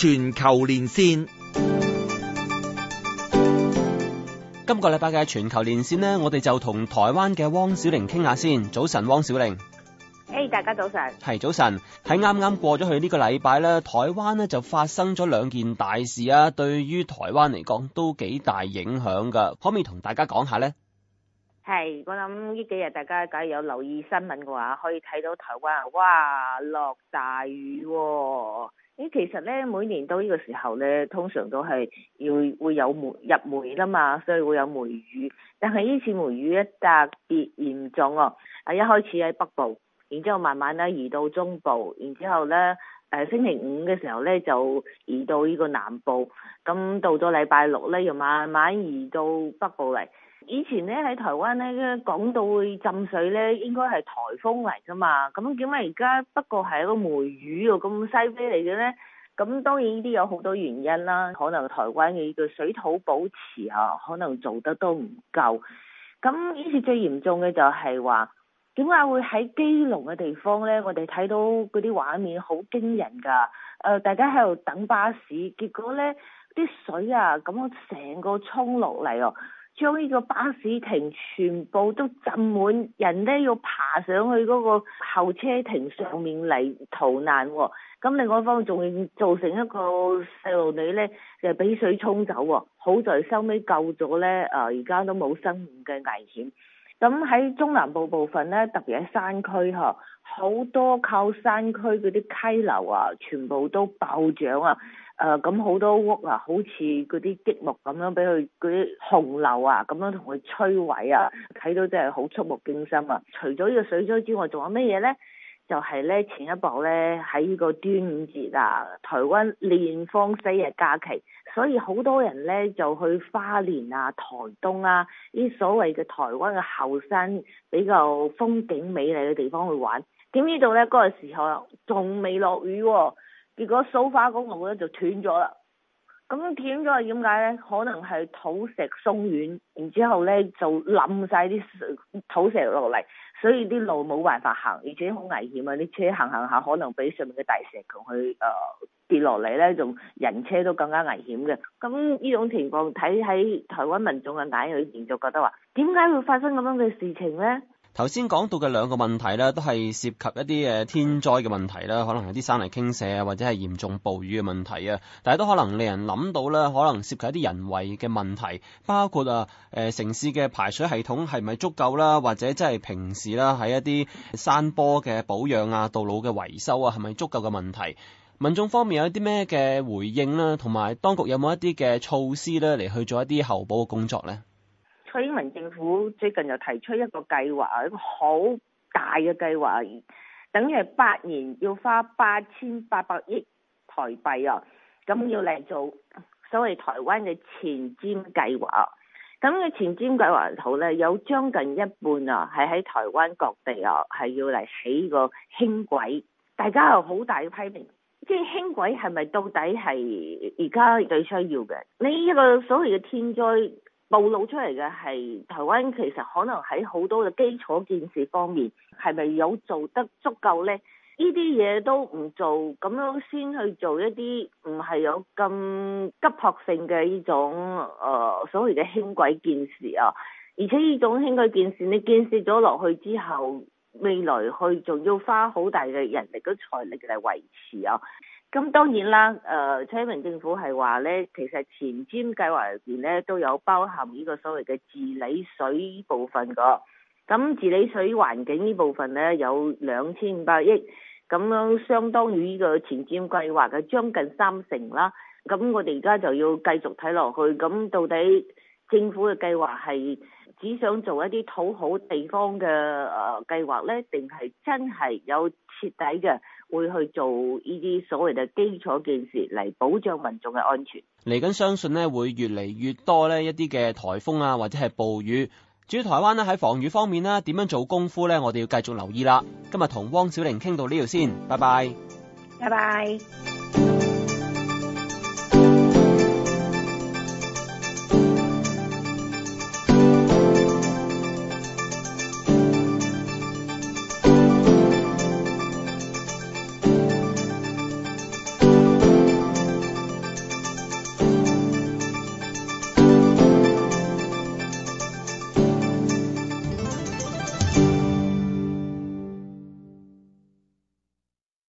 全球連線，今個禮拜嘅全球連線呢，我哋就同台灣嘅汪小玲傾下先。早晨，汪小玲。誒，hey, 大家早晨。係早晨，喺啱啱過咗去呢個禮拜咧，台灣呢就發生咗兩件大事啊，對於台灣嚟講都幾大影響噶可唔可以同大家講下呢？係，我諗呢幾日大家梗係有留意新聞嘅話，可以睇到台灣哇落大雨喎、哦。其實咧，每年到呢個時候咧，通常都係要會有梅入梅啦嘛，所以會有梅雨。但係呢次梅雨咧特別嚴重啊、哦，一開始喺北部，然之後慢慢咧移到中部，然之後咧誒星期五嘅時候咧就移到呢個南部，咁到咗禮拜六咧又慢慢移到北部嚟。以前咧喺台灣咧，講到會浸水咧，應該係颱風嚟噶嘛。咁點解而家不過係一個梅雨又咁犀利嚟嘅咧？咁當然呢啲有好多原因啦。可能台灣嘅叫水土保持嚇、啊，可能做得都唔夠。咁於是最嚴重嘅就係話，點解會喺基隆嘅地方咧？我哋睇到嗰啲畫面好驚人㗎。誒、呃，大家喺度等巴士，結果咧啲水啊，咁樣成個沖落嚟哦。將呢個巴士亭全部都浸滿人咧，要爬上去嗰個候車亭上面嚟逃難喎、哦。咁另外一方仲會造成一個細路女咧，就俾、係、水沖走喎、哦。好在收尾救咗咧，啊，而家都冇生命嘅危險。咁喺中南部部分咧，特別喺山區嗬，好多靠山區嗰啲溪流啊，全部都爆漲啊！誒、呃，咁好多屋啊，好似嗰啲積木咁樣，俾佢嗰啲洪流啊，咁樣同佢摧毀啊，睇到真係好觸目驚心啊！除咗呢個水災之外，仲有咩嘢咧？就係咧，前一步咧喺呢個端午節啊，台灣連放四日假期，所以好多人咧就去花蓮啊、台東啊，呢啲所謂嘅台灣嘅後山比較風景美麗嘅地方去玩。點知道咧，嗰、那個時候仲未落雨，啊，結果蘇花公路咧就斷咗啦。咁點解？點解咧？可能係土石鬆軟，然之後咧就冧晒啲土石落嚟，所以啲路冇辦法行，而且好危險啊！啲車行行下可能俾上面嘅大石同佢誒跌落嚟咧，仲人車都更加危險嘅。咁呢種情況睇喺台灣民眾嘅眼裏邊，就覺得話點解會發生咁樣嘅事情咧？頭先講到嘅兩個問題咧，都係涉及一啲誒天災嘅問題啦，可能有啲山泥傾瀉啊，或者係嚴重暴雨嘅問題啊，但係都可能令人諗到咧，可能涉及一啲人為嘅問題，包括啊誒、呃、城市嘅排水系統係咪足夠啦，或者即係平時啦喺一啲山坡嘅保養啊、道路嘅維修啊，係咪足夠嘅問題？民眾方面有啲咩嘅回應啦，同埋當局有冇一啲嘅措施咧，嚟去做一啲後補嘅工作咧？蔡英文政府最近又提出一個計劃，一個好大嘅計劃，等於係八年要花八千八百億台幣啊，咁要嚟做所謂台灣嘅前瞻計劃。咁嘅前瞻計劃圖咧，有將近一半啊，係喺台灣各地啊，係要嚟起個輕軌。大家又好大嘅批評，即係輕軌係咪到底係而家最需要嘅？你呢個所謂嘅天災。暴露出嚟嘅係台灣，其實可能喺好多嘅基礎建設方面係咪有做得足夠呢？呢啲嘢都唔做，咁樣先去做一啲唔係有咁急迫性嘅呢種，誒、呃、所謂嘅輕軌建設啊。而且呢種輕軌建設，你建設咗落去之後，未來佢仲要花好大嘅人力嘅財力嚟維持啊。咁當然啦，誒、呃，車明政府係話咧，其實前瞻計劃入邊咧都有包含呢個所謂嘅治理水部分嘅。咁治理水環境呢部分咧有兩千五百億，咁樣相當於呢個前瞻計劃嘅將近三成啦。咁我哋而家就要繼續睇落去，咁到底政府嘅計劃係只想做一啲討好地方嘅誒、呃、計劃咧，定係真係有徹底嘅？會去做呢啲所謂嘅基礎建設嚟，保障民眾嘅安全。嚟緊相信咧，會越嚟越多咧一啲嘅台風啊，或者係暴雨。至於台灣咧喺防禦方面咧，點樣做功夫咧，我哋要繼續留意啦。今日同汪小玲傾到呢度先，拜拜。拜拜。